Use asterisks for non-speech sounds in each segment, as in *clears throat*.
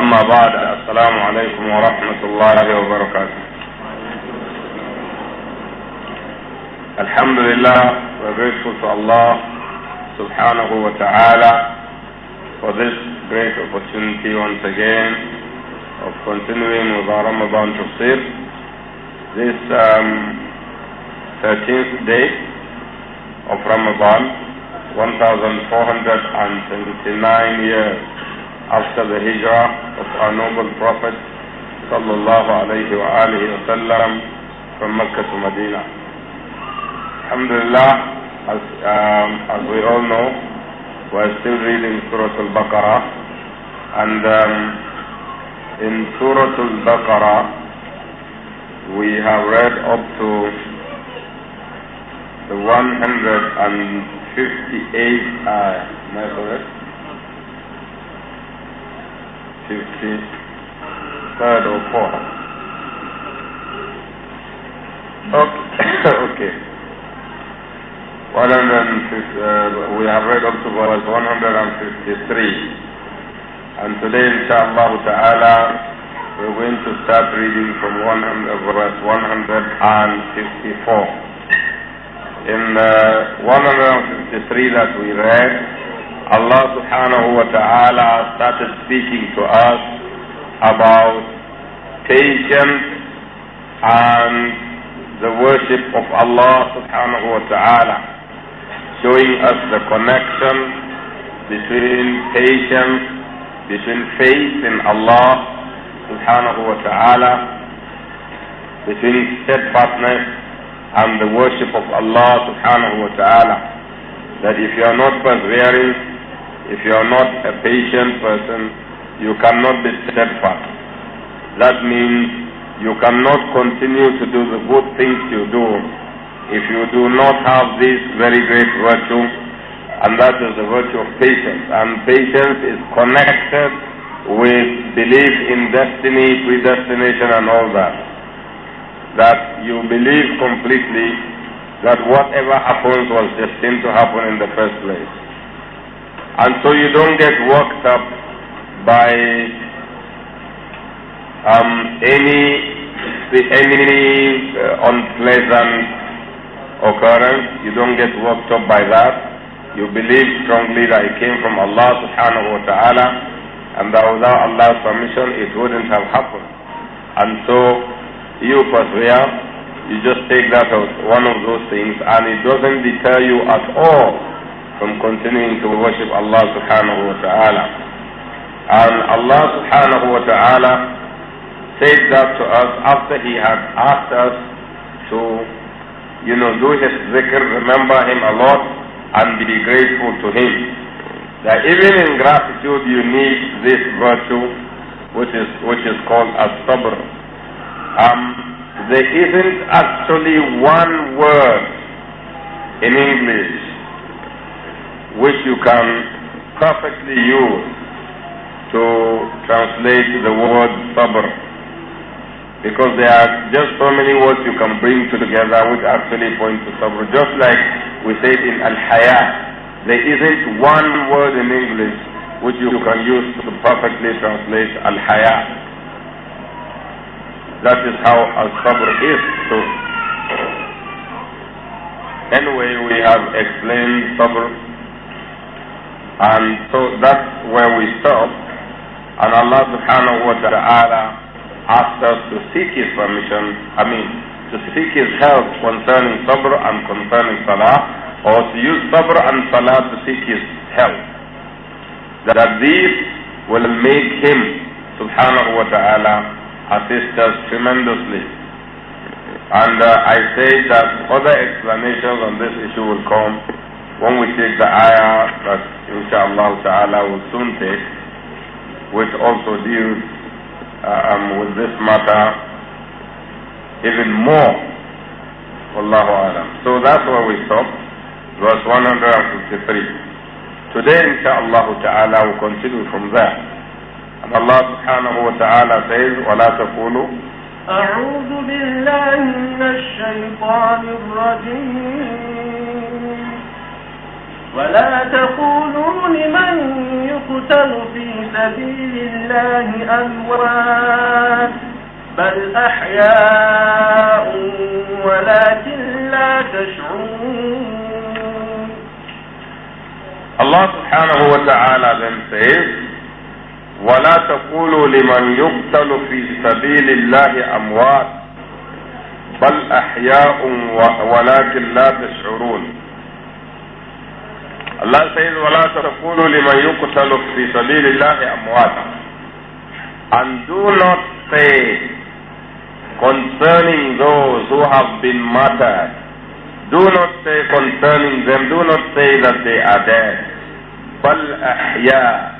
أما بعد السلام عليكم ورحمة الله وبركاته الحمد لله we're grateful to Allah subhanahu wa ta'ala for this great opportunity once again of continuing with our Ramadan Tafsir this um, 13th day of Ramadan 1429 years after the hijrah of our noble Prophet sallallahu alayhi wa alihi wa sallam from Mecca to Medina. Alhamdulillah, as, um, as we all know, we are still reading Surah Al-Baqarah and um, in Surah Al-Baqarah we have read up to the 100 and 58i. Uh, am I correct? 53rd or 4th. Okay. *coughs* okay. 150, uh, we have read up to verse 153. And today, inshallah ta'ala, we're going to start reading from 100, uh, verse 154 in uh, 153 that we read, Allah subhanahu wa ta'ala started speaking to us about patience and the worship of Allah subhanahu wa ta'ala, showing us the connection between patience, between faith in Allah subhanahu wa ta'ala, between steadfastness and the worship of Allah subhanahu wa ta'ala. That if you are not persevering, if you are not a patient person, you cannot be steadfast. That means you cannot continue to do the good things you do if you do not have this very great virtue, and that is the virtue of patience. And patience is connected with belief in destiny, predestination and all that that you believe completely that whatever happens was destined to happen in the first place. And so you don't get worked up by um, any, any uh, unpleasant occurrence. You don't get worked up by that. You believe strongly that it came from Allah subhanahu wa ta'ala and that without Allah's permission it wouldn't have happened. And so you persevere, you just take that as one of those things and it doesn't deter you at all from continuing to worship Allah subhanahu wa ta'ala. And Allah subhanahu wa ta'ala said that to us after He had asked us to, you know, do His zikr, remember Him a lot and be grateful to Him. That even in gratitude you need this virtue which is, which is called as sabr um, there isn't actually one word in English which you can perfectly use to translate the word sabr. Because there are just so many words you can bring together which actually point to sabr. Just like we said in al-haya, there isn't one word in English which you can use to perfectly translate al-haya. That is how Al-Sabr is. So, anyway, we have explained Sabr. And so that's where we stop. And Allah subhanahu wa ta'ala asked us to seek His permission, I mean, to seek His help concerning Sabr and concerning Salah, or to use Sabr and Salah to seek His help. That these will make Him subhanahu wa ta'ala assist us tremendously. And uh, I say that other explanations on this issue will come when we take the ayah that inshallah ta'ala will soon take, which also deals uh, um, with this matter even more. Wallahu alam. So that's where we stop, verse 153. Today inshallah ta'ala will continue from there. أن الله سبحانه وتعالى سيد ولا تقولوا أعوذ بالله من الشيطان الرجيم ولا تقولوا لمن يقتل في سبيل الله أموات بل أحياء ولكن لا تشعرون الله سبحانه وتعالى بن سيد تقولوا لمن يقتل في سبيل الله أموات بل أحياء ولكن لا تشعرون الله سيد ولا تقولوا لمن يقتل في سبيل الله أموات and do not say concerning those who have been martyred do not say concerning them do not say that they are dead بل أحياء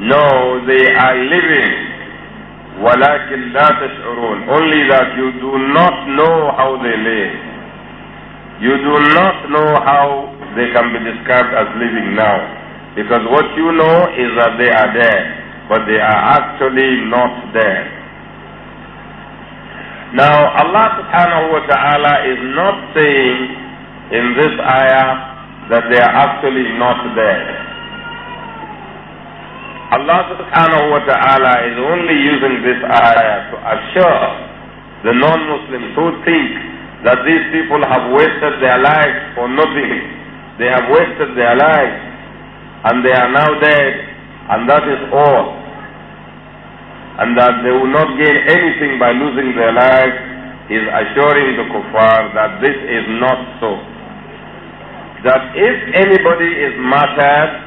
No, they are living. ولكن لا تشعرون only that you do not know how they live you do not know how they can be described as living now because what you know is that they are there but they are actually not there now Allah subhanahu wa ta'ala is not saying in this ayah that they are actually not there Allah subhanahu wa ta'ala is only using this ayah to assure the non-Muslims who think that these people have wasted their lives for nothing. They have wasted their lives and they are now dead and that is all. And that they will not gain anything by losing their lives is assuring the kuffar that this is not so. That if anybody is martyred,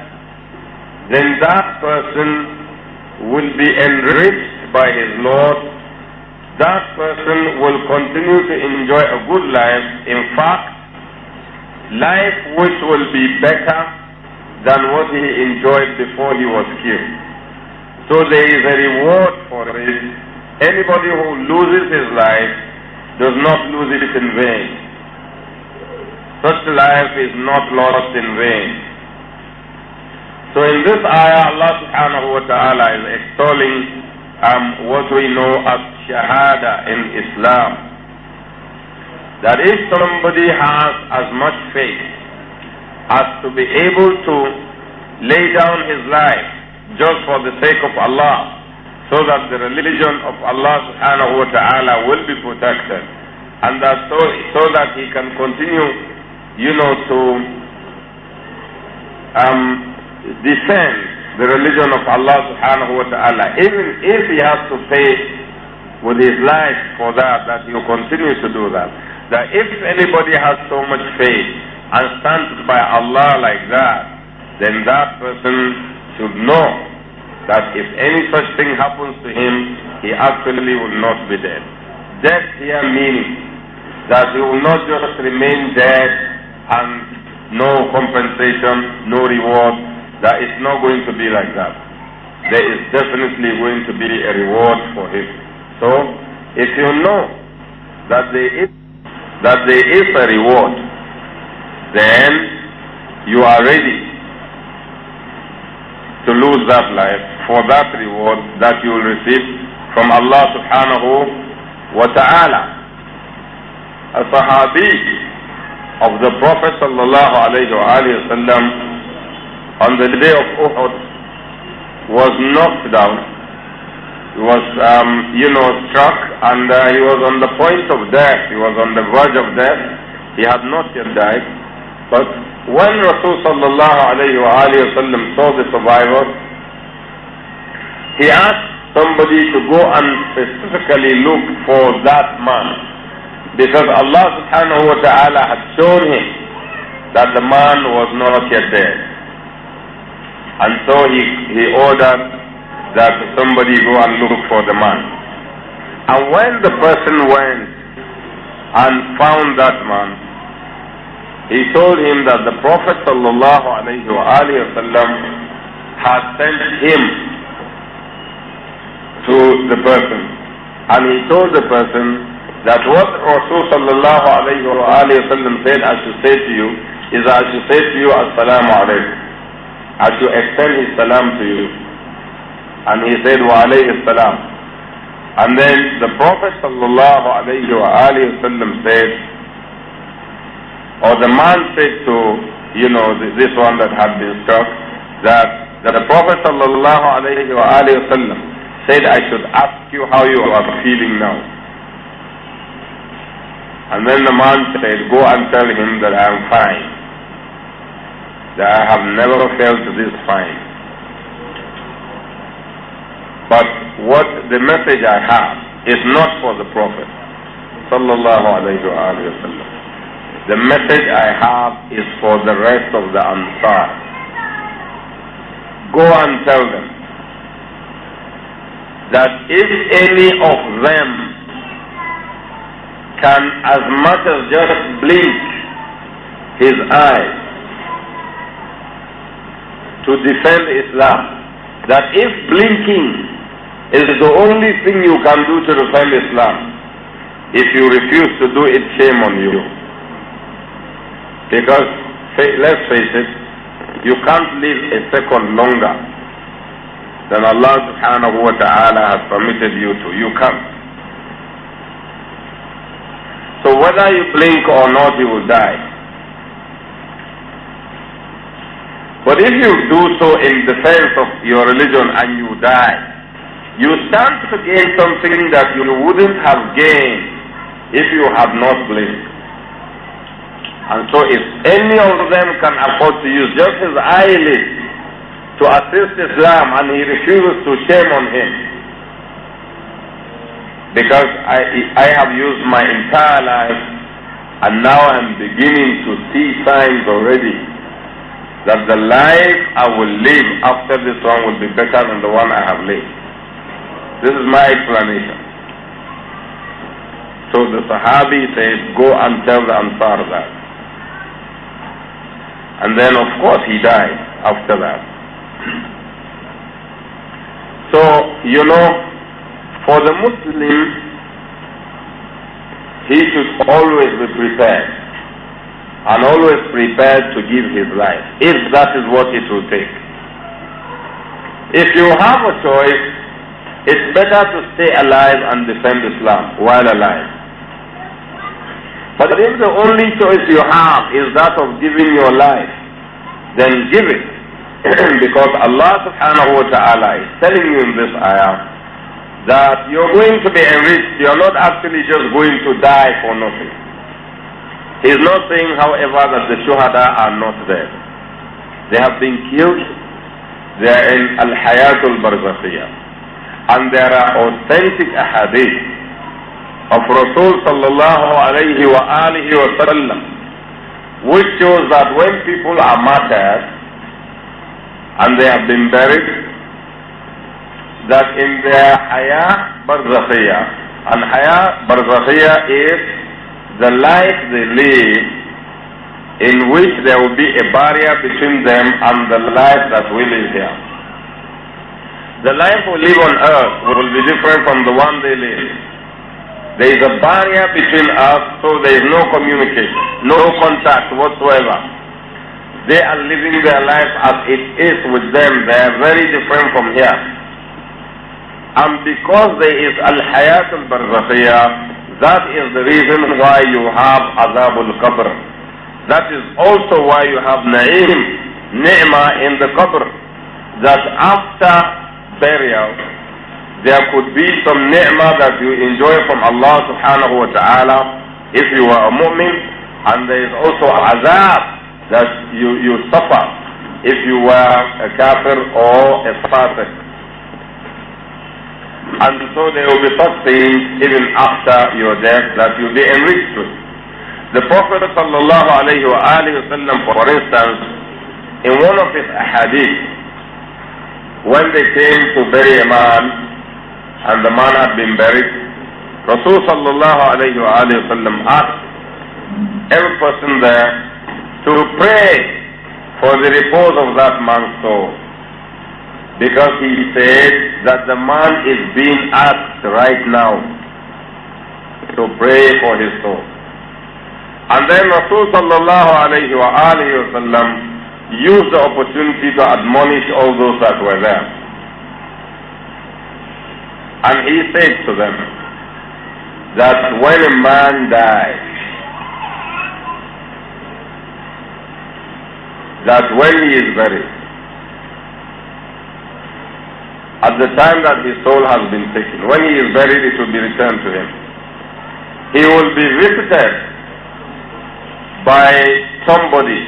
then that person will be enriched by his Lord. That person will continue to enjoy a good life. In fact, life which will be better than what he enjoyed before he was killed. So there is a reward for it. Anybody who loses his life does not lose it in vain. Such life is not lost in vain. So in this ayah, Allah subhanahu wa ta'ala is extolling um, what we know as shahada in Islam. That if somebody has as much faith as to be able to lay down his life just for the sake of Allah, so that the religion of Allah subhanahu wa ta'ala will be protected, and that so, so that he can continue, you know, to um, defend the religion of Allah subhanahu wa ta'ala, even if he has to pay with his life for that, that he will continue to do that. That if anybody has so much faith and stands by Allah like that, then that person should know that if any such thing happens to him, he actually will not be dead. Death here means that he will not just remain dead and no compensation, no reward, that is not going to be like that. There is definitely going to be a reward for him. So, if you know that there is, that there is a reward, then you are ready to lose that life for that reward that you will receive from Allah subhanahu wa ta'ala. A Sahabi of the Prophet sallallahu alayhi wa sallam on the day of Uhud was knocked down, he was, um, you know, struck and uh, he was on the point of death, he was on the verge of death, he had not yet died, but when Rasul sallallahu alayhi wa alayhi wa saw the survivor, he asked somebody to go and specifically look for that man because Allah subhanahu wa ta'ala had shown him that the man was not yet there. And so he, he ordered that somebody go and look for the man. And when the person went and found that man, he told him that the Prophet wasallam had sent him to the person. And he told the person that what Rasulullah alayhi wa said I should say to you is I should say to you Assalamu alaykum as to extend his salam to you. And he said, wa alayhi salam. And then the Prophet sallallahu alayhi wa said, or the man said to, you know, this one that had been struck, that, that the Prophet sallallahu alayhi wa said, I should ask you how you are feeling now. And then the man said, go and tell him that I am fine that I have never felt this fine. But what the message I have is not for the Prophet. The message I have is for the rest of the Ansar. Go and tell them that if any of them can as much as just blink his eyes to defend Islam. That if blinking is the only thing you can do to defend Islam, if you refuse to do it, shame on you. Because, let's face it, you can't live a second longer than Allah subhanahu wa ta'ala has permitted you to. You can't. So whether you blink or not, you will die. But if you do so in defense of your religion and you die, you stand to gain something that you wouldn't have gained if you had not believed. And so if any of them can afford to use just his eyelid to assist Islam and he refuses to, shame on him. Because I, I have used my entire life and now I'm beginning to see signs already that the life I will live after this one will be better than the one I have lived. This is my explanation. So the Sahabi says, go and tell the Ansar that. And then of course he died after that. *clears throat* So, you know, for the Muslim, he should always be prepared and always prepared to give his life, if that is what it will take. If you have a choice, it's better to stay alive and defend Islam while alive. But if the only choice you have is that of giving your life, then give it. *clears throat* because Allah subhanahu wa ta'ala is telling you in this ayah that you're going to be enriched, you're not actually just going to die for nothing. He is not saying, however, that the shuhada are not there. They have been killed. They are in al-hayatul barzakhiyah. And there are authentic ahadith of Rasul sallallahu alayhi wa alihi wa sallam which shows that when people are martyred and they have been buried, that in their haya barzakhiyah, and haya barzakhiyah is the life they live in which there will be a barrier between them and the life that we live here. The life we live on earth will be different from the one they live. There is a barrier between us, so there is no communication, no contact whatsoever. They are living their life as it is with them. They are very different from here. And because there is al-hayat al-barzakhiyah, that is the reason why you have Azabul Qabr. That is also why you have Na'im, Ni'mah in the Qabr. That after burial, there could be some Ni'mah that you enjoy from Allah subhanahu wa ta'ala if you are a mu'min. And there is also Azab that you, you suffer if you were a kafir or a fasik. And so they will be sustained even after your death that you'll be enriched The Prophet sallallahu alayhi for instance, in one of his hadith, when they came to bury a man and the man had been buried, Rasul sallallahu alayhi asked every person there to pray for the repose of that man's soul. Because he said that the man is being asked right now to pray for his soul. And then Rasul sallallahu alayhi wa alayhi used the opportunity to admonish all those that were there. And he said to them that when a man dies, that when he is buried, at the time that his soul has been taken. When he is buried, it will be returned to him. He will be visited by somebody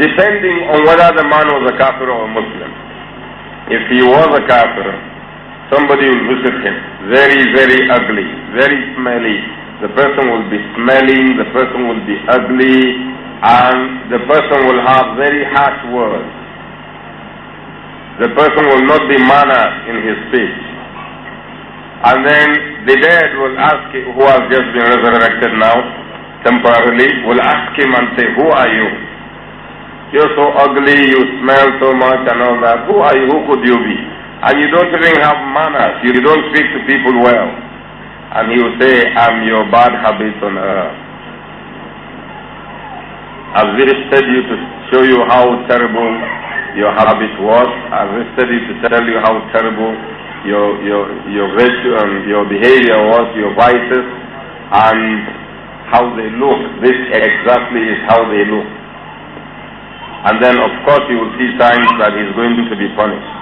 depending on whether the man was a kafir or a Muslim. If he was a kafir, somebody will visit him. Very, very ugly, very smelly. The person will be smelling, the person will be ugly, and the person will have very harsh words. The person will not be manner in his speech. And then the dead will ask, who has just been resurrected now, temporarily, will ask him and say, who are you? You're so ugly, you smell so much and all that. Who are you? Who could you be? And you don't even have manners. You don't speak to people well. And he will say, I'm your bad habits on earth. I've visited you to show you how terrible your habit was. I've studied to tell you how terrible your your your virtue your behavior was, your vices, and how they look. This exactly is how they look. And then, of course, you will see signs that he's going to be punished.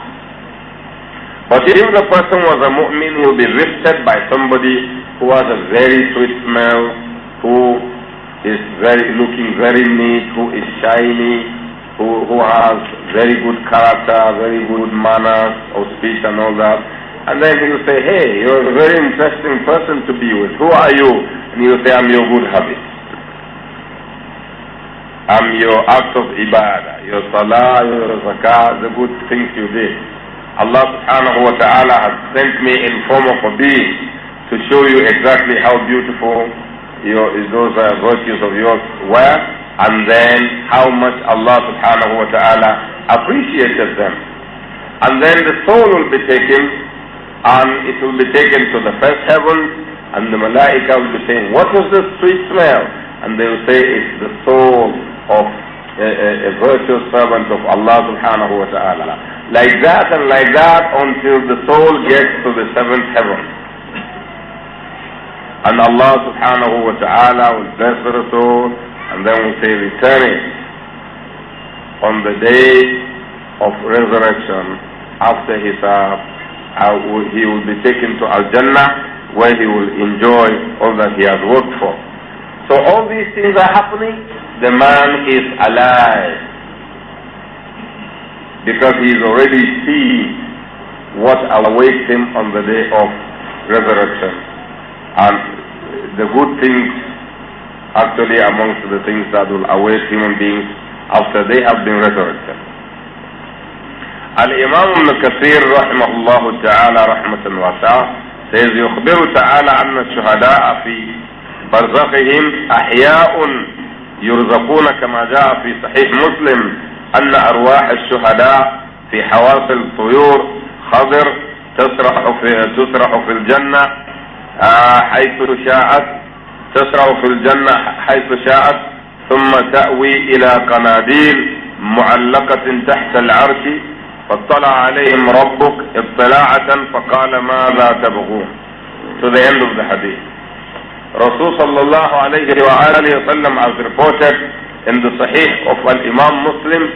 But if the person was a mu'min, will be lifted by somebody who has a very sweet smell, who is very looking very neat, who is shiny, who, who has very good character, very good manners of speech and all that. And then he will say, hey, you're a very interesting person to be with. Who are you? And you will say, I'm your good habits. I'm your acts of ibadah, your salah, your zakah, the good things you did. Allah subhanahu wa ta'ala has sent me in form of a being to show you exactly how beautiful your, those uh, virtues of yours were and then how much Allah subhanahu wa ta'ala appreciated them. And then the soul will be taken and it will be taken to the first heaven and the malaika will be saying, what was this sweet smell? And they will say, it's the soul of a, a, a virtuous servant of Allah subhanahu wa ta'ala. Like that and like that until the soul gets to the seventh heaven. And Allah subhanahu wa ta'ala will bless the soul and then we say returning on the day of resurrection after Hisab, death, uh, he will be taken to Al-Jannah where he will enjoy all that he has worked for. So all these things are happening. The man is alive because he is already seeing what awaits him on the day of resurrection. And the good things actually amongst the things that will await human beings after they have been resurrected. الإمام ابن كثير رحمه الله تعالى رحمة واسعة says يخبر تعالى أن الشهداء في برزخهم أحياء يرزقون كما جاء في صحيح مسلم أن أرواح الشهداء في حواصل طيور خضر تسرح في تسرح في الجنة آه، حيث شاءت تسرع في الجنة حيث شاءت ثم تأوي إلى قناديل معلقة تحت العرش فاطلع عليهم ربك اطلاعة فقال ماذا تبغون to the end of the hadith رسول صلى الله عليه وآله وسلم as reported in the صحيح of الإمام مسلم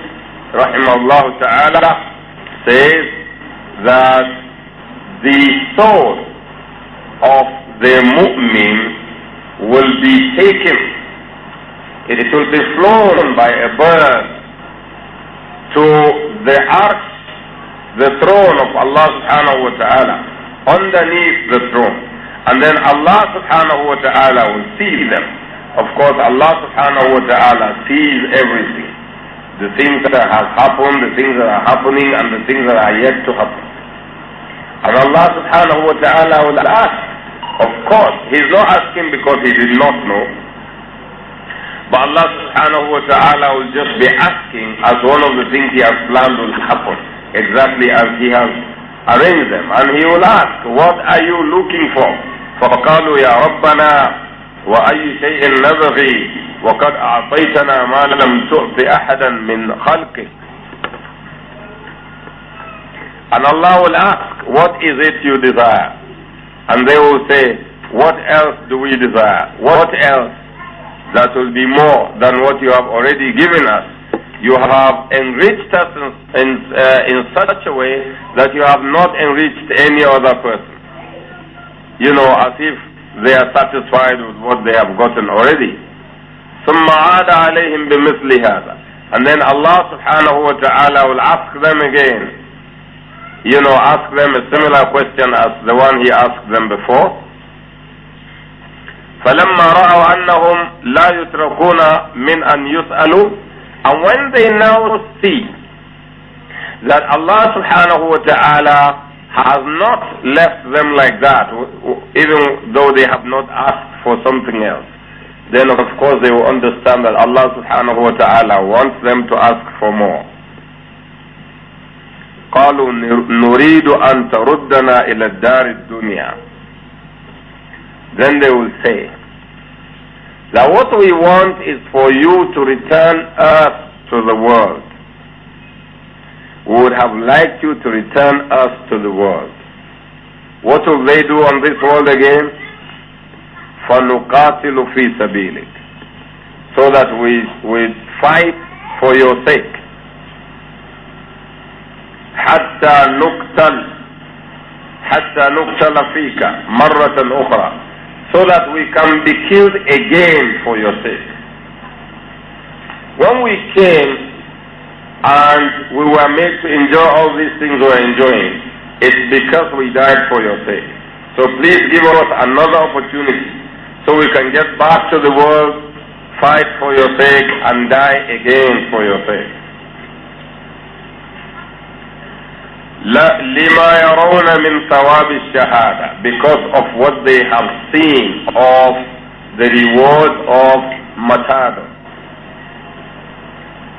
رحمه الله تعالى says that the soul of the mu'min will be taken, it will be flown by a bird to the ark, the throne of Allah subhanahu wa ta'ala, underneath the throne. And then Allah subhanahu wa ta'ala will see them. Of course, Allah subhanahu wa ta'ala sees everything. The things that have happened, the things that are happening, and the things that are yet to happen. And Allah subhanahu wa ta'ala will ask, of course, he's not asking because he did not know. But Allah subhanahu wa ta'ala will just be asking as one of the things he has planned will happen, exactly as he has arranged them. And he will ask, what are you looking for? فقالوا يا ربنا وأي شيء نبغي وقد أعطيتنا ما لم تؤت أحدا من خلقك And Allah will ask, what is it you desire? And they will say, what else do we desire? What else that will be more than what you have already given us? You have enriched us in, in, uh, in such a way that you have not enriched any other person. You know, as if they are satisfied with what they have gotten already. and then Allah subhanahu wa ta'ala will ask them again you know, ask them a similar question as the one he asked them before. فلما رأوا أنهم لا يتركون من أن يسألوا and when they now see that Allah subhanahu wa ta'ala has not left them like that even though they have not asked for something else then of course they will understand that Allah subhanahu wa ta'ala wants them to ask for more قالوا نريد أن تردنا إلى الدار الدنيا then they will say now what we want is for you to return us to the world we would have liked you to return us to the world what will they do on this world again فَنُقَاتِلُ فِي سَبِيلِكَ so that we, we fight for your sake حتى نقتل حتى نقتل فيك مرة أخرى so that we can be killed again for your sake. When we came and we were made to enjoy all these things we are enjoying, it's because we died for your sake. So please give us another opportunity so we can get back to the world, fight for your sake, and die again for your sake. لما يرون من ثواب الشهادة because of what they have seen of the reward of matado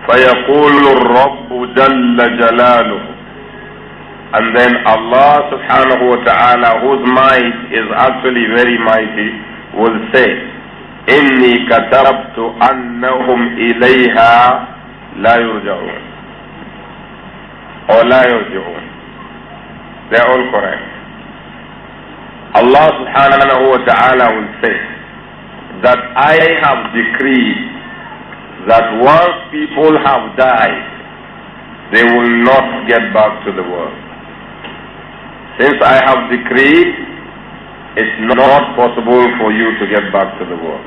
فيقول الرب جل جلاله and then Allah subhanahu wa ta'ala whose might is actually very mighty will say إني كتبت أنهم إليها لا يرجعون or لا يرجعون They are all correct. Allah subhanahu wa ta'ala will say that I have decreed that once people have died, they will not get back to the world. Since I have decreed, it's not possible for you to get back to the world.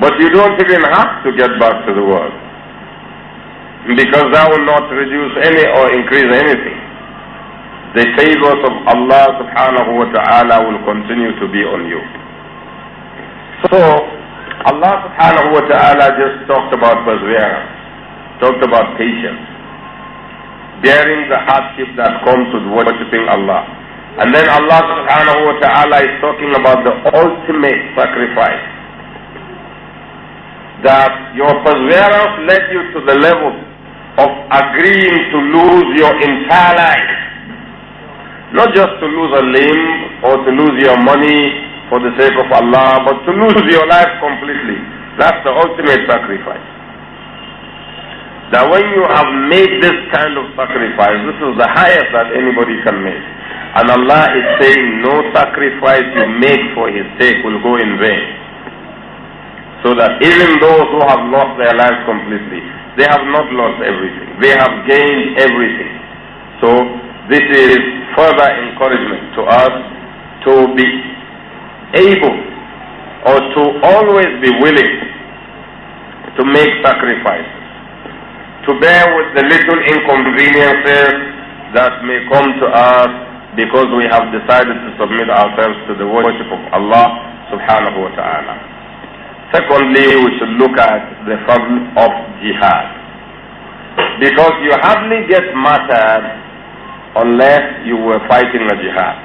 But you don't even have to get back to the world because that will not reduce any or increase anything the favors of Allah subhanahu wa ta'ala will continue to be on you. So, Allah subhanahu wa ta'ala just talked about perseverance, talked about patience, bearing the hardship that comes with worshipping Allah. And then Allah subhanahu wa ta'ala is talking about the ultimate sacrifice. That your perseverance led you to the level of agreeing to lose your entire life not just to lose a limb or to lose your money for the sake of Allah, but to lose *laughs* your life completely. That's the ultimate sacrifice. That when you have made this kind of sacrifice, this is the highest that anybody can make. And Allah is saying, no sacrifice you make for His sake will go in vain. So that even those who have lost their lives completely, they have not lost everything. They have gained everything. So this is further encouragement to us to be able or to always be willing to make sacrifices, to bear with the little inconveniences that may come to us because we have decided to submit ourselves to the worship of Allah subhanahu wa ta'ala. Secondly, we should look at the problem of jihad. Because you hardly get martyred unless you were fighting the jihad.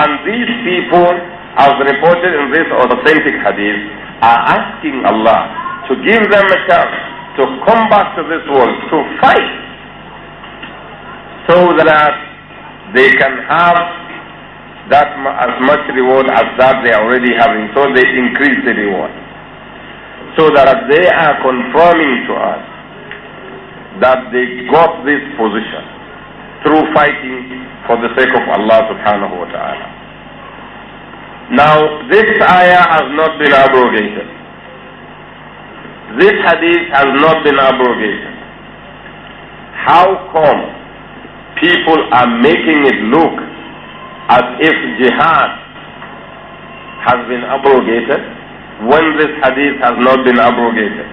And these people, as reported in this authentic hadith, are asking Allah to give them a chance to come back to this world, to fight, so that they can have that as much reward as that they are already having, so they increase the reward. So that they are confirming to us that they got this position through fighting for the sake of Allah subhanahu wa ta'ala. Now, this ayah has not been abrogated. This hadith has not been abrogated. How come people are making it look as if jihad has been abrogated when this hadith has not been abrogated?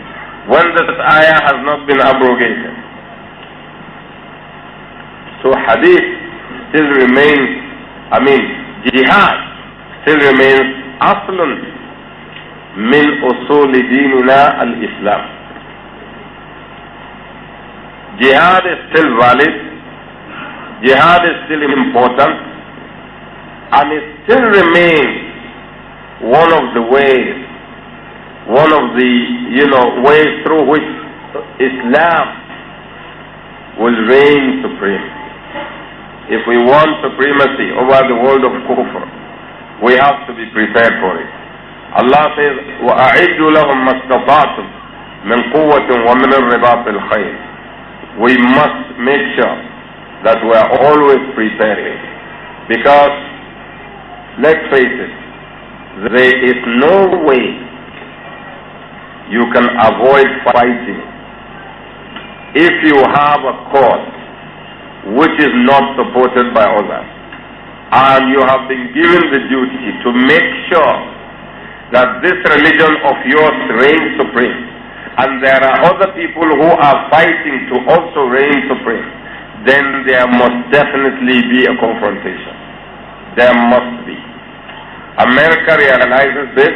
When this ayah has not been abrogated? So hadith still remains, I mean, jihad still remains aslan min usuli dinina al-Islam. Jihad is still valid, jihad is still important, and it still remains one of the ways, one of the, you know, ways through which Islam will reign supreme. If we want supremacy over the world of kufr, we have to be prepared for it. Allah says, وَأَعِدُّ لَهُمْ مَسْتَطَعْتُمْ مِنْ قُوَّةٍ وَمِنْ الرِّبَاطِ الْخَيْرِ We must make sure that we are always preparing. Because, let's face it, there is no way you can avoid fighting if you have a cause which is not supported by others. And you have been given the duty to make sure that this religion of yours reigns supreme. And there are other people who are fighting to also reign supreme. Then there must definitely be a confrontation. There must be. America realizes this.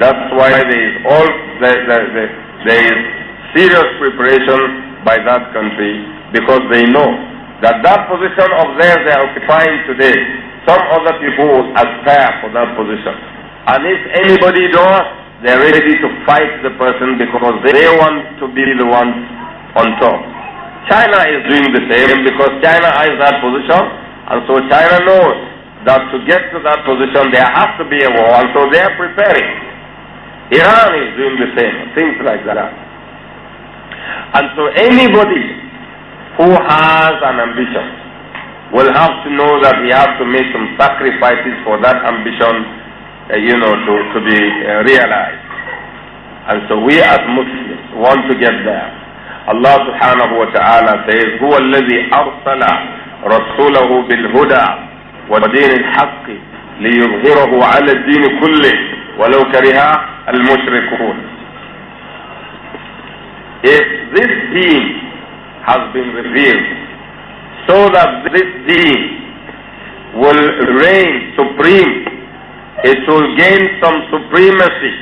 That's why there is all there, there, there, there is serious preparation by that country because they know that that position of theirs they are occupying today, some other people will aspire for that position. And if anybody does, they're ready to fight the person because they want to be the ones on top. China is doing the same because China has that position, and so China knows that to get to that position there has to be a war, and so they are preparing. Iran is doing the same, things like that. And so anybody who has an ambition will have to know that he has to make some sacrifices for that ambition, uh, you know, to, to be uh, realized. And so we as Muslims want to get there. Allah subhanahu wa ta'ala says, هو الذي أرسل رسوله بالهدى ودين الحق ليظهره على الدين كله ولو كره المشركون. If this deen has been revealed so that this deen will reign supreme. It will gain some supremacy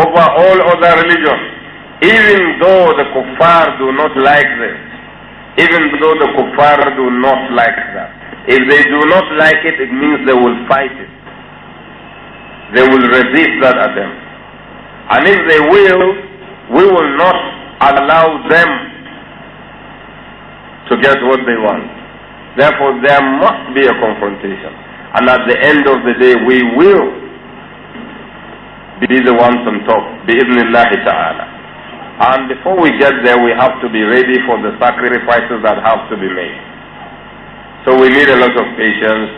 over all other religions, even though the kuffar do not like this, even though the kuffar do not like that. If they do not like it, it means they will fight it. They will resist that attempt. And if they will, we will not allow them to get what they want. Therefore, there must be a confrontation. And at the end of the day, we will be the ones on top, bi ta'ala. And before we get there, we have to be ready for the sacrifices that have to be made. So we need a lot of patience,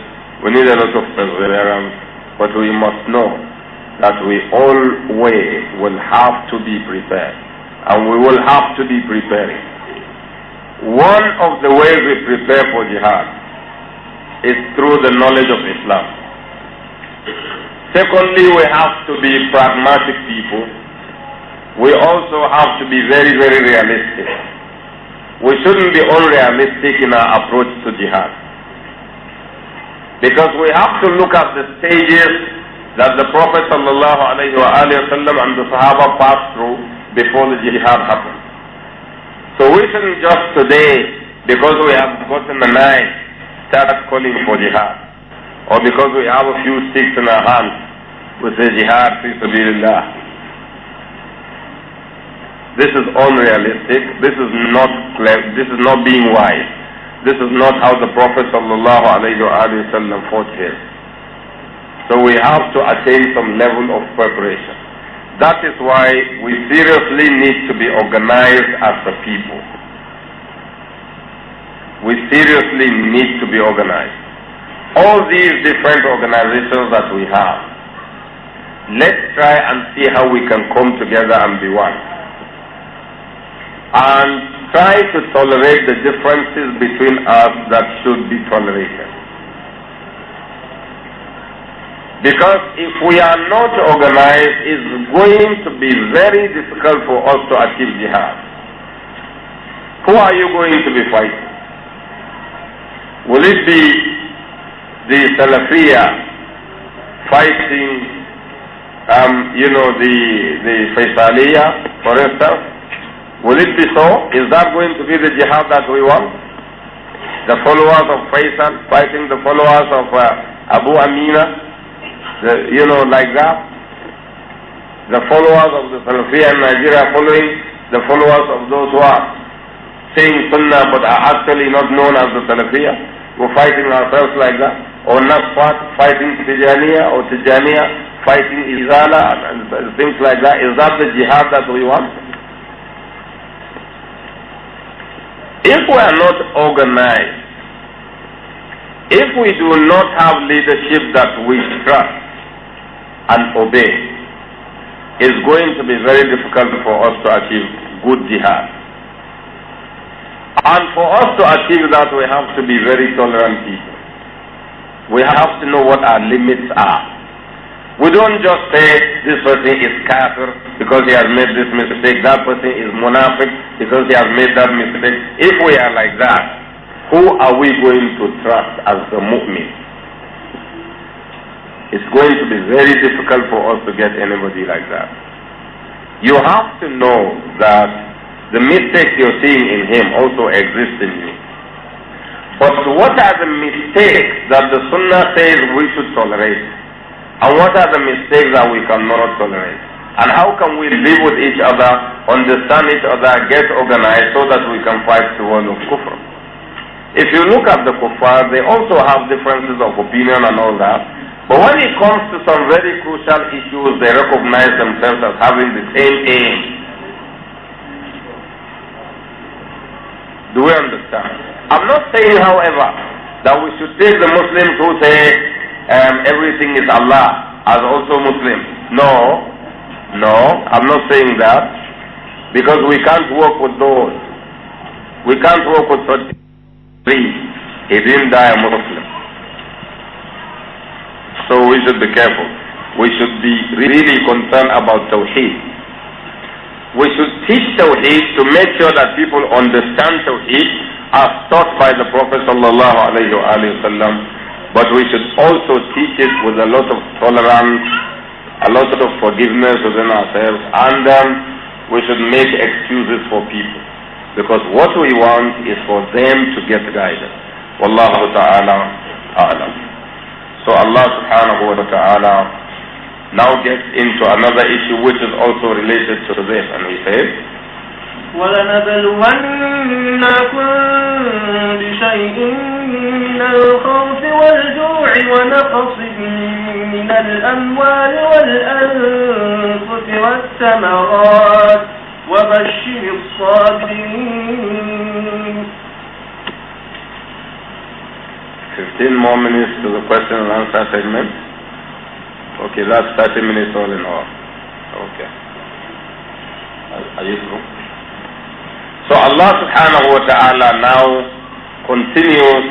we need a lot of perseverance, but we must know that we always will have to be prepared. And we will have to be preparing. One of the ways we prepare for jihad is through the knowledge of Islam. Secondly, we have to be pragmatic people. We also have to be very, very realistic. We shouldn't be unrealistic in our approach to jihad. Because we have to look at the stages that the Prophet ﷺ and the Sahaba passed through before the jihad happened. So we shouldn't just today, because we have gotten a knife, start calling for jihad. Or because we have a few sticks in our hands, we say jihad fi sabilillah. This is unrealistic. This is not This is not being wise. This is not how the Prophet sallallahu alaihi wasallam fought here. So we have to attain some level of preparation. That is why we seriously need to be organized as a people. We seriously need to be organized. All these different organizations that we have, let's try and see how we can come together and be one. And try to tolerate the differences between us that should be tolerated. Because if we are not organized, it's going to be very difficult for us to achieve jihad. Who are you going to be fighting? Will it be the Salafiyah fighting, um, you know, the, the Faisaliyah, for instance? Will it be so? Is that going to be the jihad that we want? The followers of Faisal fighting the followers of uh, Abu Amina? the, you know, like that. The followers of the Salafiyah in Nigeria following the followers of those who are saying Sunnah but are actually not known as the Salafiyah. We're fighting ourselves like that. Or Nasfat fighting Tijaniya or Tijaniya fighting Izala and, and things like that. Is that the jihad that we want? If we are not organized, if we do not have leadership that we trust, and obey is going to be very difficult for us to achieve good jihad. And for us to achieve that, we have to be very tolerant people. We have to know what our limits are. We don't just say this person is kafir because he has made this mistake, that person is munafiq because he has made that mistake. If we are like that, who are we going to trust as the mu'min? It's going to be very difficult for us to get anybody like that. You have to know that the mistakes you're seeing in him also exist in you. But what are the mistakes that the Sunnah says we should tolerate? And what are the mistakes that we cannot tolerate? And how can we live with each other, understand each other, get organized so that we can fight the world of kufr? If you look at the kuffar, they also have differences of opinion and all that. But when it comes to some very crucial issues, they recognize themselves as having the same aim. Do we understand? I'm not saying, however, that we should take the Muslims who say um, everything is Allah as also Muslims. No, no, I'm not saying that because we can't work with those. We can't work with such. He didn't die a Muslim. So we should be careful. We should be really concerned about Tawheed. We should teach Tawheed to make sure that people understand Tawheed as taught by the Prophet sallallahu alayhi wasallam. But we should also teach it with a lot of tolerance, a lot of forgiveness within ourselves, and um, we should make excuses for people. Because what we want is for them to get guidance. Wallahu ta'ala a'lam. So Allah subhanahu wa ta'ala now gets into another issue which is also related to this and he says, ولنبلونكم بشيء من الخوف والجوع ونقص من الأموال والأنفس والثمرات وبشر الصابرين 15 more minutes to the question and answer segment. Okay, that's 30 minutes all in all. Okay. Are you through? So Allah subhanahu wa ta'ala now continues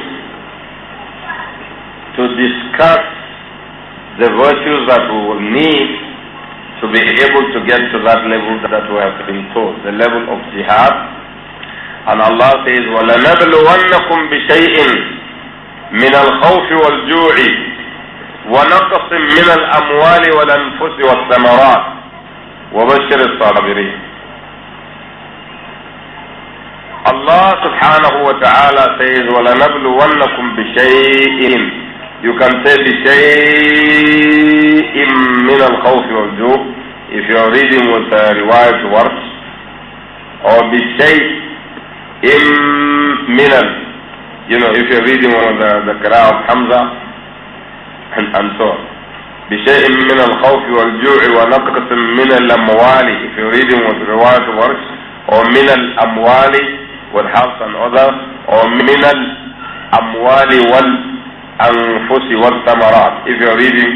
to discuss the virtues that we will need to be able to get to that level that we have been told, the level of jihad. And Allah says, وَلَنَبْلُوَنَّكُمْ بِشَيْءٍ من الخوف والجوع ونقص من الاموال والانفس والثمرات وبشر الصابرين الله سبحانه وتعالى says ولنبلونكم بشيء you can say بشيء من الخوف والجوع if you are reading with a uh, revised words or بشيء من You know, if you're reading one of the, the Qira'ah of Hamza and, and so on. بشيء من الخوف والجوع ونقص من الأموال if you're reading with reward works or من الأموال with health and other or من الأموال والأنفس والثمرات if you're reading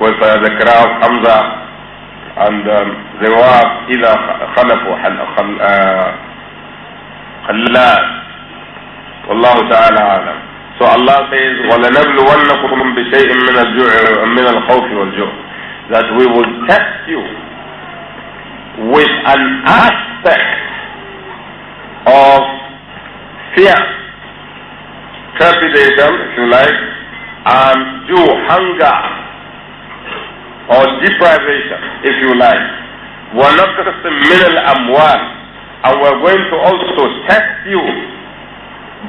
with uh, the Qira'ah of Hamza and um, the reward إذا خلفوا خل, uh, خلال So Allah says, وَلَنَبْلُوَنَّكُمْ بِشَيْءٍ مِّنَ الْجُوعِ مِّنَ الْخَوْفِ وَالْجُوعِ That we will test you with an aspect of fear, trepidation, if you like, and due hunger or deprivation, if you like. We're not just a middle amwal, and we're going to also test you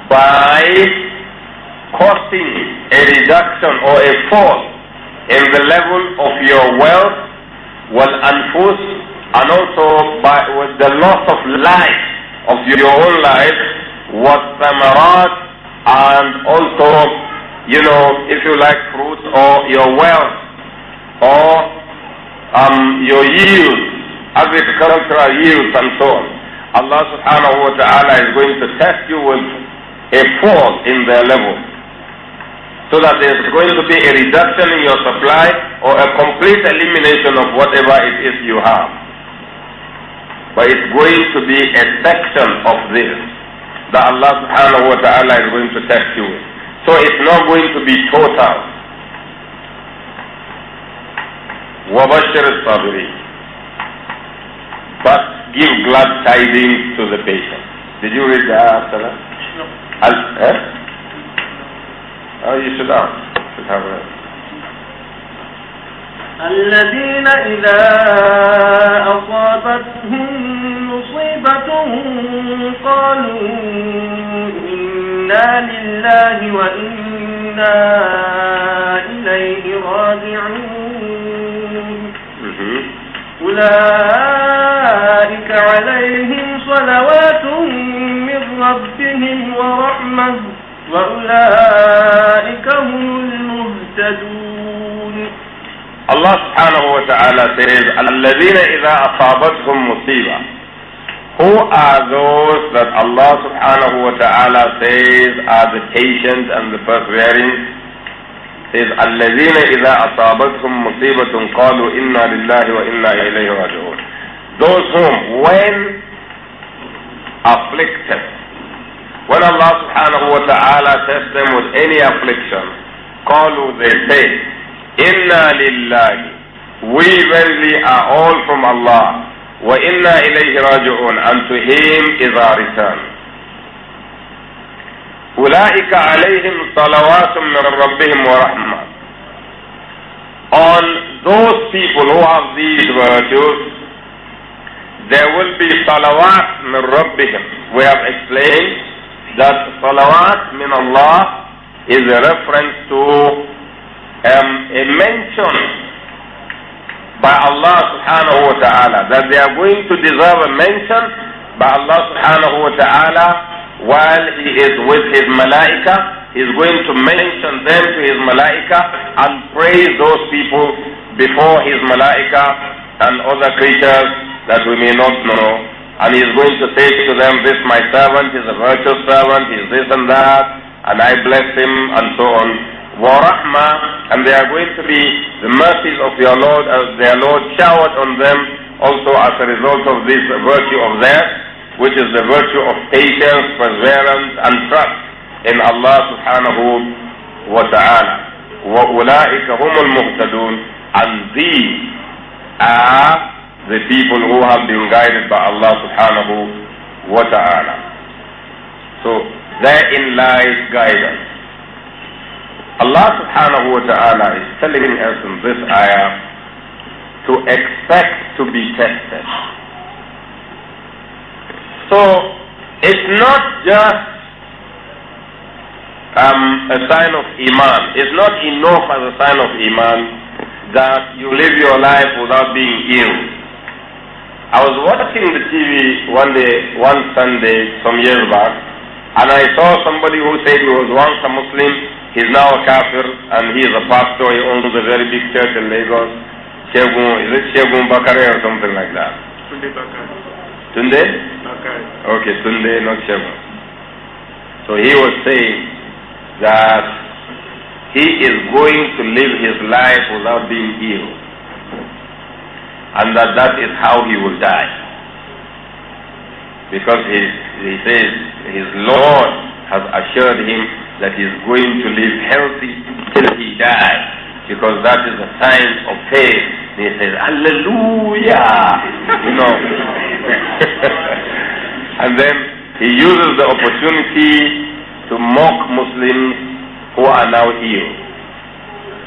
by causing a reduction or a fall in the level of your wealth, well, anfus, and also by with the loss of life of your own life, what samarat, and also, you know, if you like fruits or your wealth or um, your yield, agricultural yields and so on. Allah subhanahu wa ta'ala is going to test you with a fall in their level. So that there's going to be a reduction in your supply or a complete elimination of whatever it is you have. But it's going to be a section of this that Allah subhanahu wa ta'ala is going to test you with. So it's not going to be total. But give glad tidings to the patient. Did you read the after that? I'll, eh? إيه؟ اي سلام سلام الذين إذا أصابتهم مصيبة قالوا إنا لله وإنا إليه راجعون أولئك عليهم صلوات ربهم ورحمة وأولئك هم المهتدون الله سبحانه وتعالى says الذين إذا أصابتهم مصيبة Who are those that Allah subhanahu wa ta'ala says are the patient and the persevering? says الذين إذا أصابتهم مصيبة قالوا إنا لله وإنا إليه راجعون those whom when afflicted When Allah subhanahu wa ta'ala tests them with any affliction, qalu they say, Inna lillahi, we verily are all from Allah, wa inna ilayhi raji'un, and to Him is our return. أولئك عليهم صلوات من ربهم ورحمة. On those people who have these virtues, there will be salawat min rabbihim. We have explained that salawat min Allah is a reference to um, a mention by Allah subhanahu wa ta'ala that they are going to deserve a mention by Allah subhanahu wa ta'ala while he is with his malaika he is going to mention them to his malaika and praise those people before his malaika and other creatures that we may not know and he is going to say to them, this my servant is a virtuous servant, he is this and that, and I bless him, and so on. Warahma, And they are going to be the mercies of your Lord, as their Lord showered on them, also as a result of this virtue of theirs, which is the virtue of patience, perseverance, and trust in Allah subhanahu wa ta'ala. وَأُولَٰئِكَ هُمُ الْمُهْتَدُونَ And these are the people who have been guided by Allah subhanahu wa ta'ala. So therein lies guidance. Allah subhanahu wa ta'ala is telling us in this ayah to expect to be tested. So it's not just um, a sign of Iman. It's not enough as a sign of Iman that you live your life without being ill I was watching the TV one day, one Sunday, some years back, and I saw somebody who said he was once a Muslim, he's now a kafir, and he is a pastor, he owns a very big church in Lagos, Shegun, is it Shegun Bakare or something like that? Tunde Bakare. Tunde? Bakare. Okay, Tunde, not Shegun. So he was saying that he is going to live his life without being ill and that that is how he will die. Because he, he says his Lord has assured him that he is going to live healthy till he dies. Because that is a sign of faith. And he says, Hallelujah! *laughs* You know. *laughs* and then he uses the opportunity to mock Muslims who are now healed.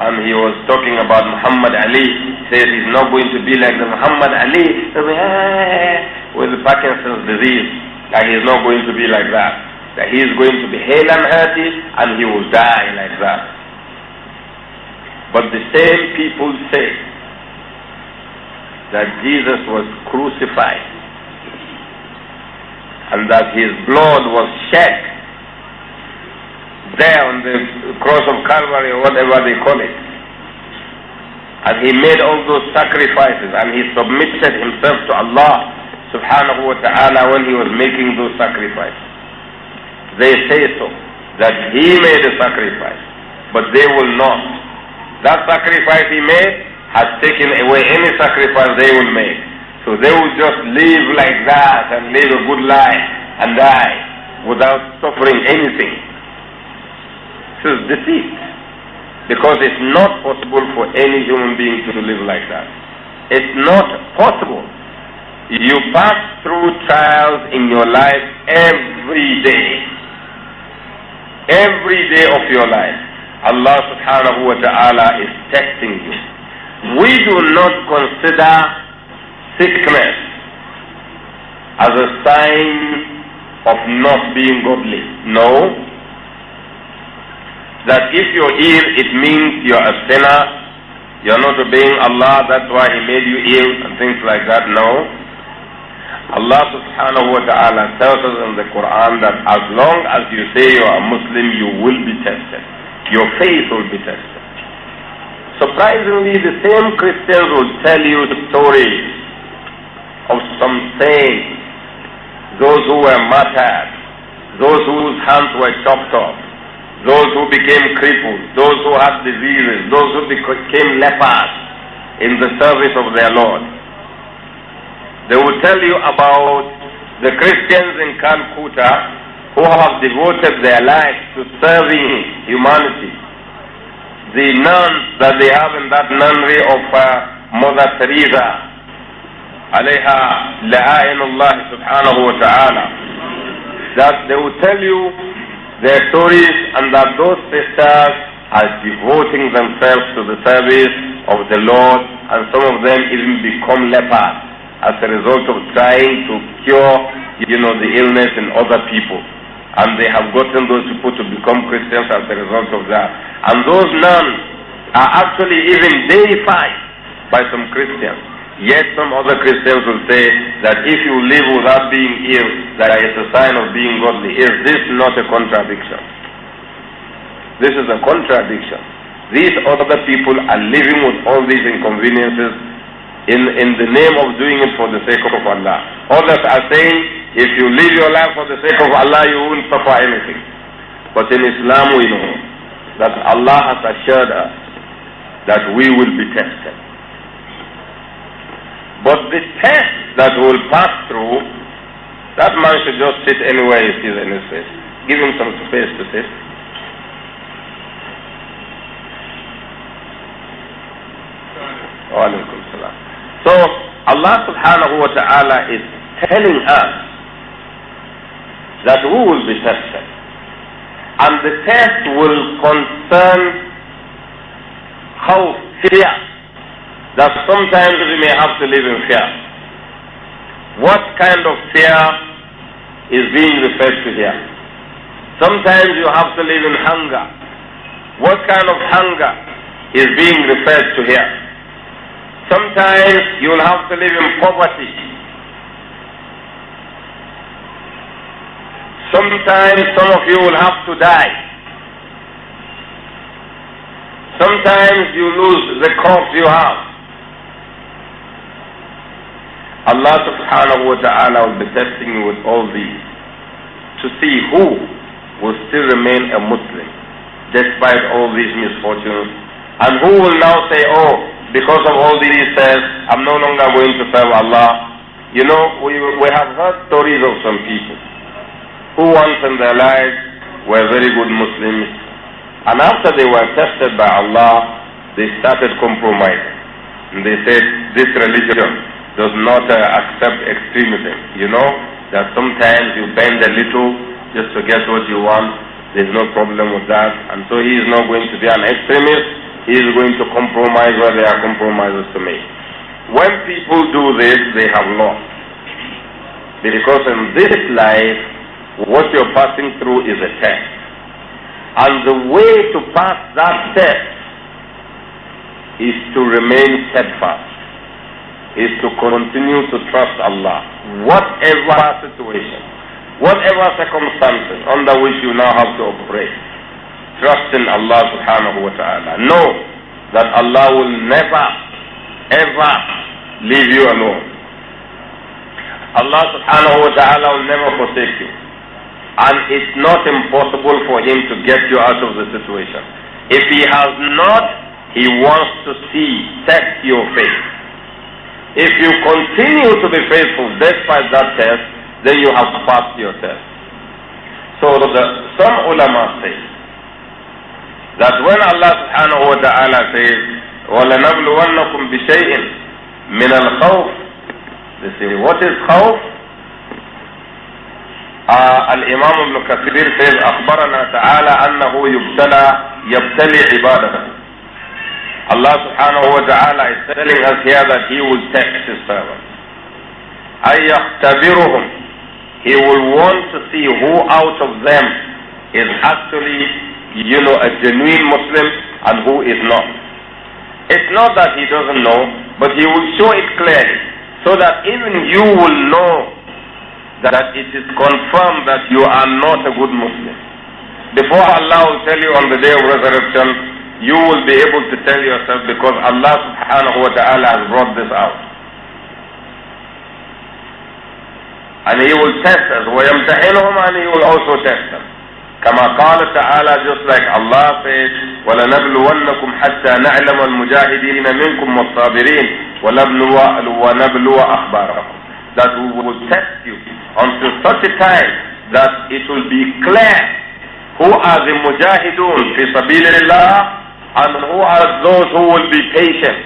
And he was talking about Muhammad Ali says he's not going to be like the Muhammad Ali eh, with Parkinson's disease, that he's not going to be like that, that he is going to be hale and hearty and he will die like that. But the same people say that Jesus was crucified and that his blood was shed there on the cross of Calvary or whatever they call it and he made all those sacrifices and he submitted himself to Allah subhanahu wa ta'ala when he was making those sacrifices. They say so, that he made a sacrifice, but they will not. That sacrifice he made has taken away any sacrifice they will make. So they will just live like that and live a good life and die without suffering anything. This is deceit. Because it's not possible for any human being to live like that. It's not possible. You pass through trials in your life every day. Every day of your life. Allah subhanahu wa ta'ala is testing you. We do not consider sickness as a sign of not being godly. No, that if you're ill, it means you're a sinner, you're not obeying Allah, that's why He made you ill, and things like that. No. Allah subhanahu wa ta'ala tells us in the Quran that as long as you say you are a Muslim, you will be tested. Your faith will be tested. Surprisingly, the same Christians will tell you the stories of some saints, those who were martyred, those whose hands were chopped off, those who became crippled, those who had diseases, those who became lepers in the service of their Lord. They will tell you about the Christians in Calcutta who have devoted their lives to serving humanity. The nuns that they have in that nunnery of uh, Mother Teresa, عليها لعائن Subhanahu Wa Taala, that they will tell you their stories and that those sisters are devoting themselves to the service of the Lord and some of them even become lepers as a result of trying to cure, you know, the illness in other people. And they have gotten those people to become Christians as a result of that. And those nuns are actually even deified by some Christians. Yet some other Christians will say that if you live without being ill, that is a sign of being godly. Is this not a contradiction? This is a contradiction. These other people are living with all these inconveniences in, in the name of doing it for the sake of Allah. Others are saying, if you live your life for the sake of Allah, you won't suffer anything. But in Islam we know that Allah has assured us that we will be tested. But the test that will pass through, that man should just sit anywhere he sees in his Give him some space to sit. So Allah subhanahu wa ta'ala is telling us that we will be tested. And the test will concern how fear that sometimes we may have to live in fear. What kind of fear is being referred to here? Sometimes you have to live in hunger. What kind of hunger is being referred to here? Sometimes you will have to live in poverty. Sometimes some of you will have to die. Sometimes you lose the crops you have. Allah subhanahu wa ta'ala will be testing you with all these to see who will still remain a Muslim despite all these misfortunes and who will now say, oh, because of all these tests, I'm no longer going to serve Allah. You know, we, we have heard stories of some people who once in their lives were very good Muslims and after they were tested by Allah, they started compromising. And they said, this religion does not uh, accept extremism. You know that sometimes you bend a little just to get what you want. There's no problem with that. And so he is not going to be an extremist. He is going to compromise where there are compromises to make. When people do this, they have lost. Because in this life, what you're passing through is a test. And the way to pass that test is to remain steadfast is to continue to trust Allah. Whatever situation, whatever circumstances under which you now have to operate, trust in Allah subhanahu wa ta'ala. Know that Allah will never, ever leave you alone. Allah subhanahu wa ta'ala will never forsake you. And it's not impossible for Him to get you out of the situation. If He has not, He wants to see, test your faith. If you continue to be faithful despite that test, then you have passed your test. So the, some ulama say that when Allah subhanahu wa ta'ala says, وَلَنَبْلُوَنَّكُمْ بِشَيْءٍ مِنَ الْخَوْفِ They say, what is khawf? آه الإمام ابن كثير says أخبرنا تعالى أنه يبتلى يبتلي عباده Allah subhanahu wa ta'ala is telling us here that He will test His servants. He will want to see who out of them is actually, you know, a genuine Muslim and who is not. It's not that he doesn't know, but he will show it clearly so that even you will know that it is confirmed that you are not a good Muslim. Before Allah will tell you on the day of resurrection, you will be able to tell yourself because Allah subhanahu wa ta'ala has brought this out. And He will test us. وَيَمْتَحِنُهُمْ And He will also test them. كما قال تعالى just like Allah says وَلَنَبْلُوَنَّكُمْ حَتَّى نَعْلَمَ الْمُجَاهِدِينَ مِنْكُمْ وَالصَّابِرِينَ وَنَبْلُوَ أَخْبَارَكُمْ That we will test you until such a time that it will be clear who are the mujahidun في سبيل الله and who are those who will be patient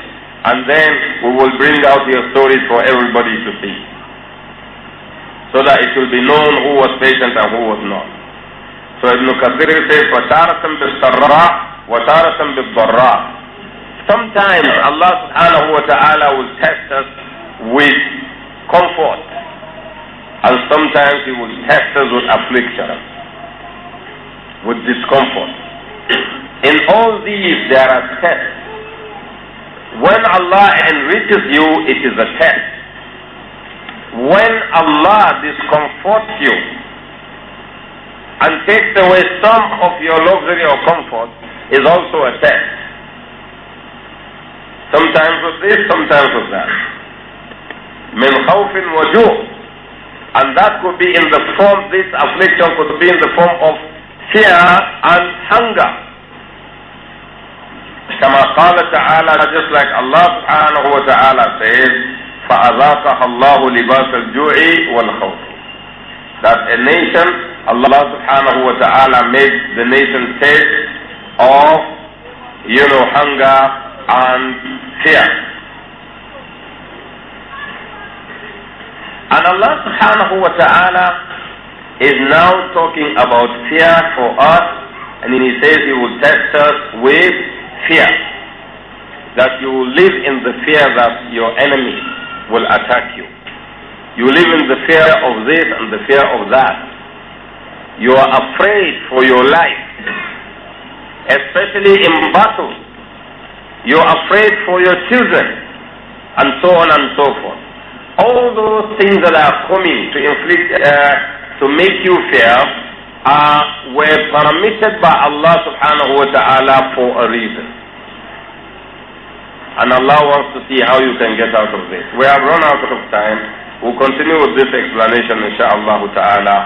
and then we will bring out your stories for everybody to see so that it will be known who was patient and who was not so Ibn Kathir says وَتَارَةً بِالسَّرَّاء وَتَارَةً بِالضَّرَّاء sometimes Allah subhanahu wa ta'ala will test us with comfort and sometimes He will test us with affliction with discomfort in all these there are tests. When Allah enriches you, it is a test. When Allah discomforts you and takes away some of your luxury or comfort, is also a test. Sometimes with this, sometimes with that. من خوف وجوع and that could be in the form, this affliction could be in the form of fear and hunger. كما قال تعالى just like Allah subhanahu wa ta'ala says فَأَذَاقَهَ اللَّهُ لِبَاسَ الْجُوعِ وَالْخَوْفِ That a nation, Allah subhanahu wa ta'ala made the nation taste of, you know, hunger and fear. And Allah subhanahu wa ta'ala is now talking about fear for us and he says he will test us with fear. That you live in the fear that your enemy will attack you. You live in the fear of this and the fear of that. You are afraid for your life, especially in battle. You are afraid for your children, and so on and so forth. All those things that are coming to inflict, uh, to make you fear, are, were permitted by Allah subhanahu wa ta'ala for a reason. And Allah wants to see how you can get out of this. We have run out of time. We'll continue with this explanation, inshaAllah ta'ala,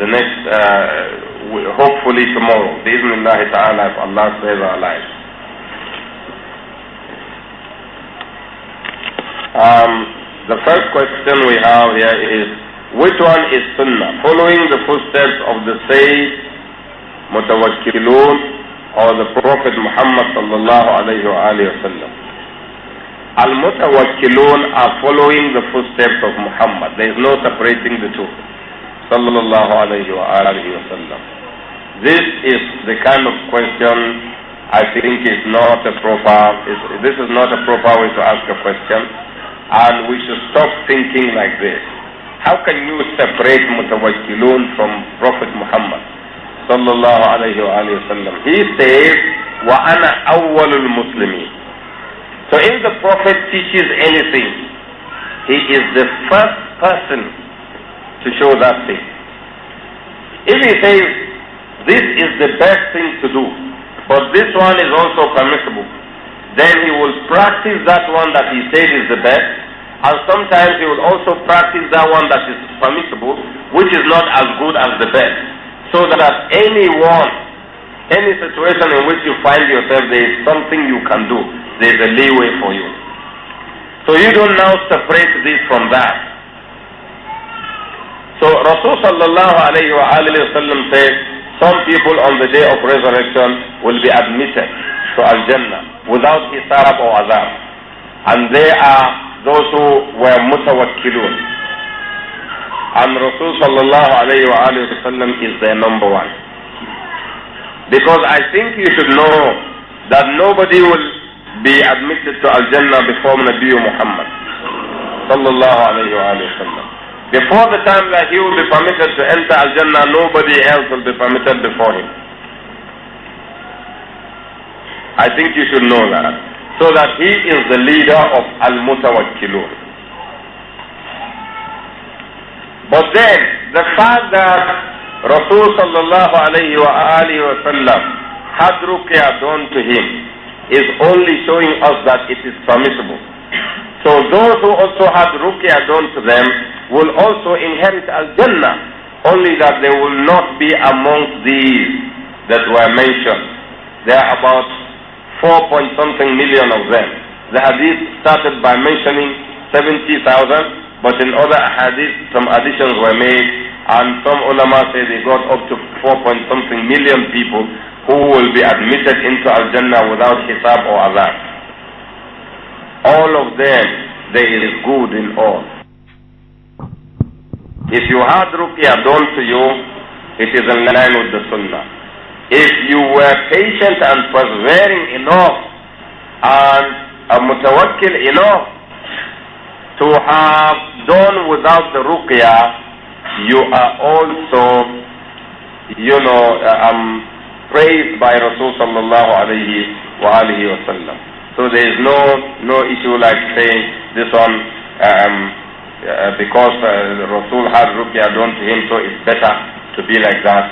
the next, uh, hopefully tomorrow. Bismillah ta'ala, if Allah saves our lives. Um, the first question we have here is, which one is sunnah? Following the footsteps of the Sayyid, mutawakkilun, or the Prophet Muhammad sallallahu alayhi wa sallam? Al-Mutawakkilun are following the footsteps of Muhammad. There is no separating the two. Sallallahu alayhi wa sallam. This is the kind of question I think is not a proper, this is not a proper way to ask a question. And we should stop thinking like this. How can you separate Mutawakkilun from Prophet Muhammad? Sallallahu alayhi wa sallam. He says, وَأَنَا أَوَّلُ الْمُسْلِمِينَ so if the Prophet teaches anything, he is the first person to show that thing. If he says, this is the best thing to do, but this one is also permissible, then he will practice that one that he said is the best, and sometimes he will also practice that one that is permissible, which is not as good as the best. So that anyone, any situation in which you find yourself, there is something you can do there's a leeway for you. So you don't now separate this from that. So Rasul sallallahu alayhi wa said, some people on the day of resurrection will be admitted to Al-Jannah without hisab or azab. And they are those who were mutawakkilun. And Rasul sallallahu alayhi wa is their number one. Because I think you should know that nobody will be admitted to Al-Jannah before Nabi Muhammad sallallahu alayhi wa sallam. Before the time that he will be permitted to enter Al-Jannah, nobody else will be permitted before him. I think you should know that. So that he is the leader of Al-Mutawakkilun. But then, the fact that Rasul sallallahu alayhi wa wa sallam had ruqya done to him, is only showing us that it is permissible. So those who also have ruqya done to them will also inherit al-jannah, only that they will not be amongst these that were mentioned. There are about 4 point something million of them. The hadith started by mentioning 70,000, but in other hadith some additions were made and some ulama say they got up to 4 point something million people who will be admitted into Al-Jannah without hisab or azab. All of them, there is good in all. If you had ruqyah done to you, it is in line with the sunnah. If you were patient and persevering enough and a mutawakkil enough to have done without the ruqyah, you are also, you know, uh, um, praised by Rasulullah sallallahu alayhi wa alihi So there is no no issue like saying this one um, uh, because uh, Rasul had ruqya done to him, so it's better to be like that.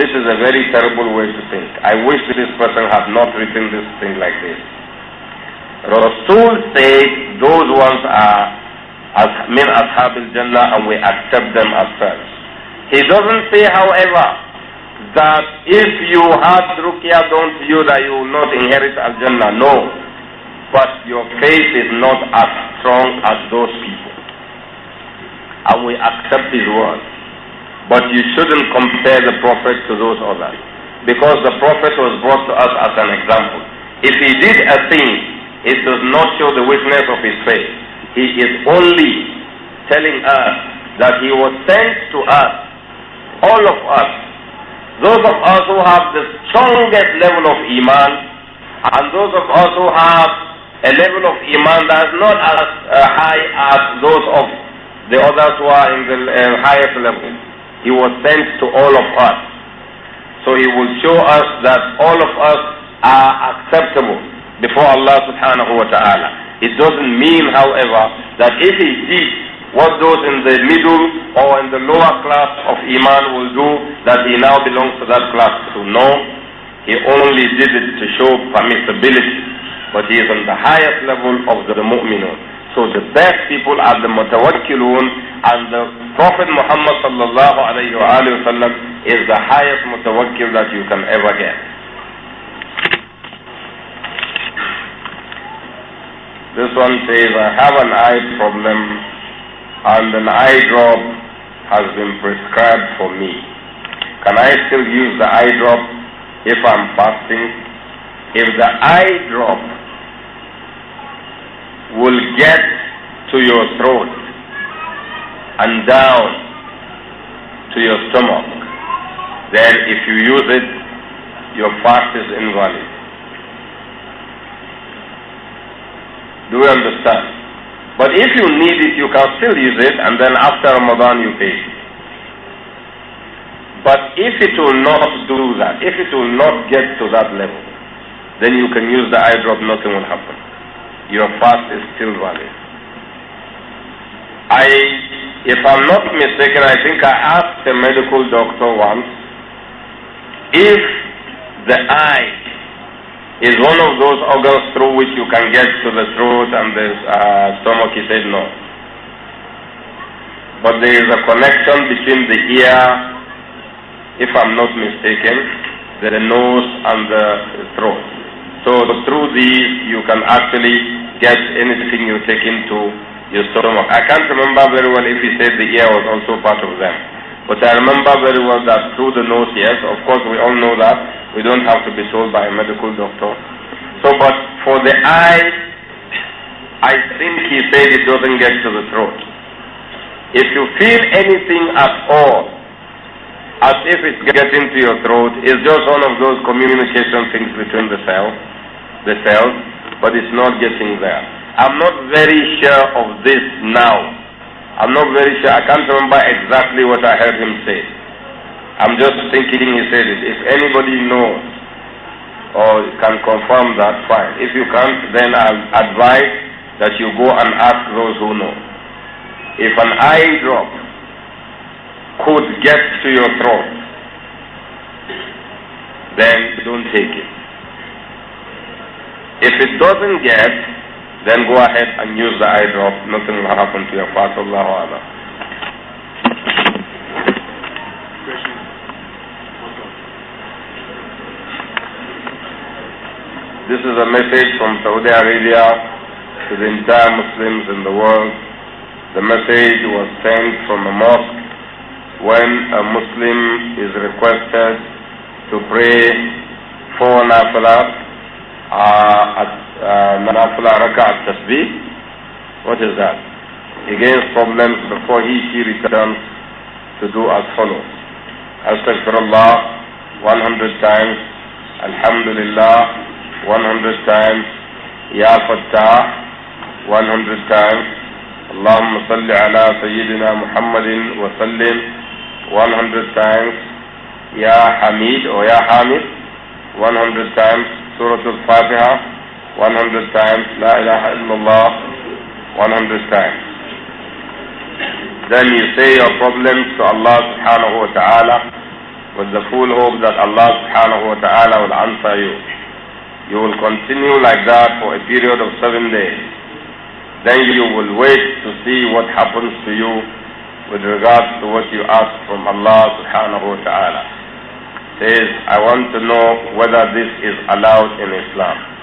This is a very terrible way to think. I wish this person had not written this thing like this. Rasul said those ones are as min ashab al-jannah and we accept them as such. He doesn't say however that if you had Rukia, don't you that you will not inherit al-jannah. No. But your faith is not as strong as those people. And we accept his word. But you shouldn't compare the Prophet to those others. Because the Prophet was brought to us as an example. If he did a thing, it does not show the weakness of his faith. He is only telling us that he was sent to us, all of us, those of us who have the strongest level of Iman and those of us who have a level of Iman that's not as uh, high as those of the others who are in the uh, highest level. He was sent to all of us. So he will show us that all of us are acceptable before Allah subhanahu wa ta'ala. It doesn't mean, however, that if he sees what those in the middle or in the lower class of Iman will do, that he now belongs to that class to know. He only did it to show permissibility. But he is on the highest level of the mu'minun. So the best people are the mutawakkilun and the Prophet Muhammad sallallahu alayhi wa sallam is the highest mutawakkil that you can ever get. This one says, I have an eye problem and an eye drop has been prescribed for me. Can I still use the eye drop if I'm fasting? If the eye drop will get to your throat and down to your stomach, then if you use it, your fast is invalid. Do you understand? But if you need it, you can still use it, and then after Ramadan you pay. But if it will not do that, if it will not get to that level, then you can use the eye drop, nothing will happen. Your fast is still valid. I, if I'm not mistaken, I think I asked a medical doctor once if the eye is one of those organs through which you can get to the throat and the uh, stomach. He said no. But there is a connection between the ear, if I'm not mistaken, the nose and the throat. So through these you can actually get anything you take into your stomach. I can't remember very well if he said the ear was also part of them. But I remember very well that through the nose, yes, of course we all know that. We don't have to be told by a medical doctor. So, but for the eye, I think he said it doesn't get to the throat. If you feel anything at all, as if it's getting to your throat, it's just one of those communication things between the cells, the cells, but it's not getting there. I'm not very sure of this now I'm not very sure. I can't remember exactly what I heard him say. I'm just thinking he said it. If anybody knows or can confirm that, fine. If you can't, then I advise that you go and ask those who know. If an eye drop could get to your throat, then don't take it. If it doesn't get, then go ahead and use the eye drop. Nothing will happen to your part. Allahu Alam. This is a message from Saudi Arabia to the entire Muslims in the world. The message was sent from a mosque when a Muslim is requested to pray four nafilah uh, at uh, nafla rak'at tasbih. What is that? Against problems before he, she returns to do as follows. Astaghfirullah 100 times, Alhamdulillah 100 times, Ya Fattah 100 times, Allahumma salli ala Sayyidina Muhammadin wa sallim 100 times, Ya Hamid or oh Ya Hamid 100 times, Surah Al-Fatiha 100 times, La ilaha illallah 100 times. Then you say your problems to Allah subhanahu wa ta'ala with the full hope that Allah subhanahu wa ta'ala will answer you. You will continue like that for a period of seven days. Then you will wait to see what happens to you with regards to what you ask from Allah subhanahu wa ta'ala. Says, I want to know whether this is allowed in Islam.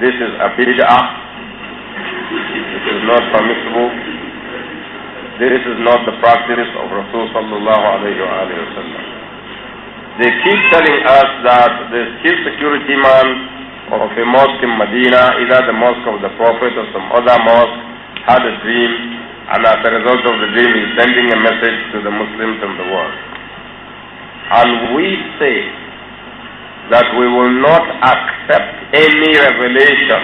This is a bid'ah. This is not permissible. This is not the practice of Rasul sallallahu alayhi wa sallam. They keep telling us that the chief security man of a mosque in Medina, either the mosque of the Prophet or some other mosque, had a dream, and as a result of the dream, he's sending a message to the Muslims in the world. And we say that we will not accept any revelation,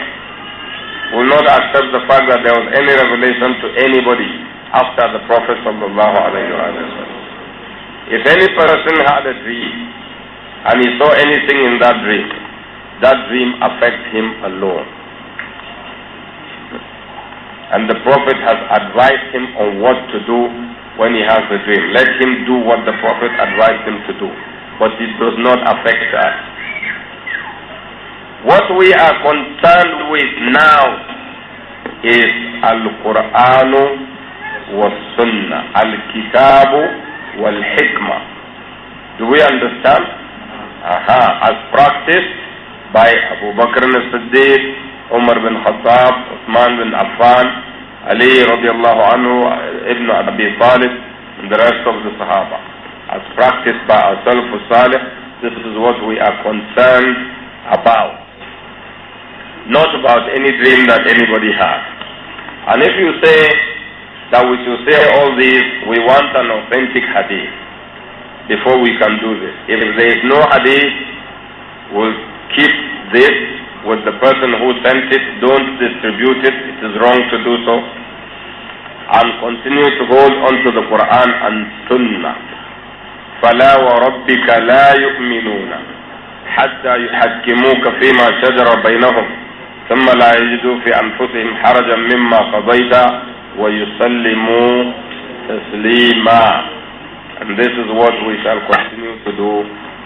will not accept the fact that there was any revelation to anybody after the Prophet sallallahu Allah. If any person had a dream and he saw anything in that dream, that dream affects him alone. And the Prophet has advised him on what to do when he has a dream. Let him do what the Prophet advised him to do. But it does not affect us. What we are concerned with now is Al-Quran wa Sunnah, Al-Kitab wal Hikmah. Do we understand? Aha, as practiced by Abu Bakr as-Siddiq, Umar bin Khattab, Uthman bin Affan, Ali radiallahu anhu, Ibn Abi Talib, and the rest of the Sahaba. As practiced by ourselves, this is what we are concerned about not about any dream that anybody has. And if you say that we should say all this, we want an authentic hadith before we can do this. If there is no hadith, we'll keep this with the person who sent it, don't distribute it, it is wrong to do so, and continue to hold on to the Quran and Sunnah. فلا وربك لا يؤمنون حتى يحكموك فيما شجر بينهم ثم لا يجدوا في أنفسهم حرجا مما قضيت ويسلموا تسليما And this is what we shall continue to do.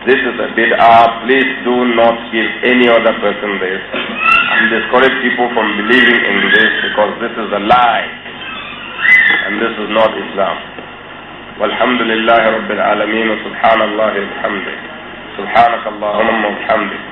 This is a bid'ah. Please do not give any other person this. And discourage people from believing in this because this is a lie. And this is not Islam. والحمد لله رب العالمين وسبحان الله وبحمده سبحانك اللهم وبحمدك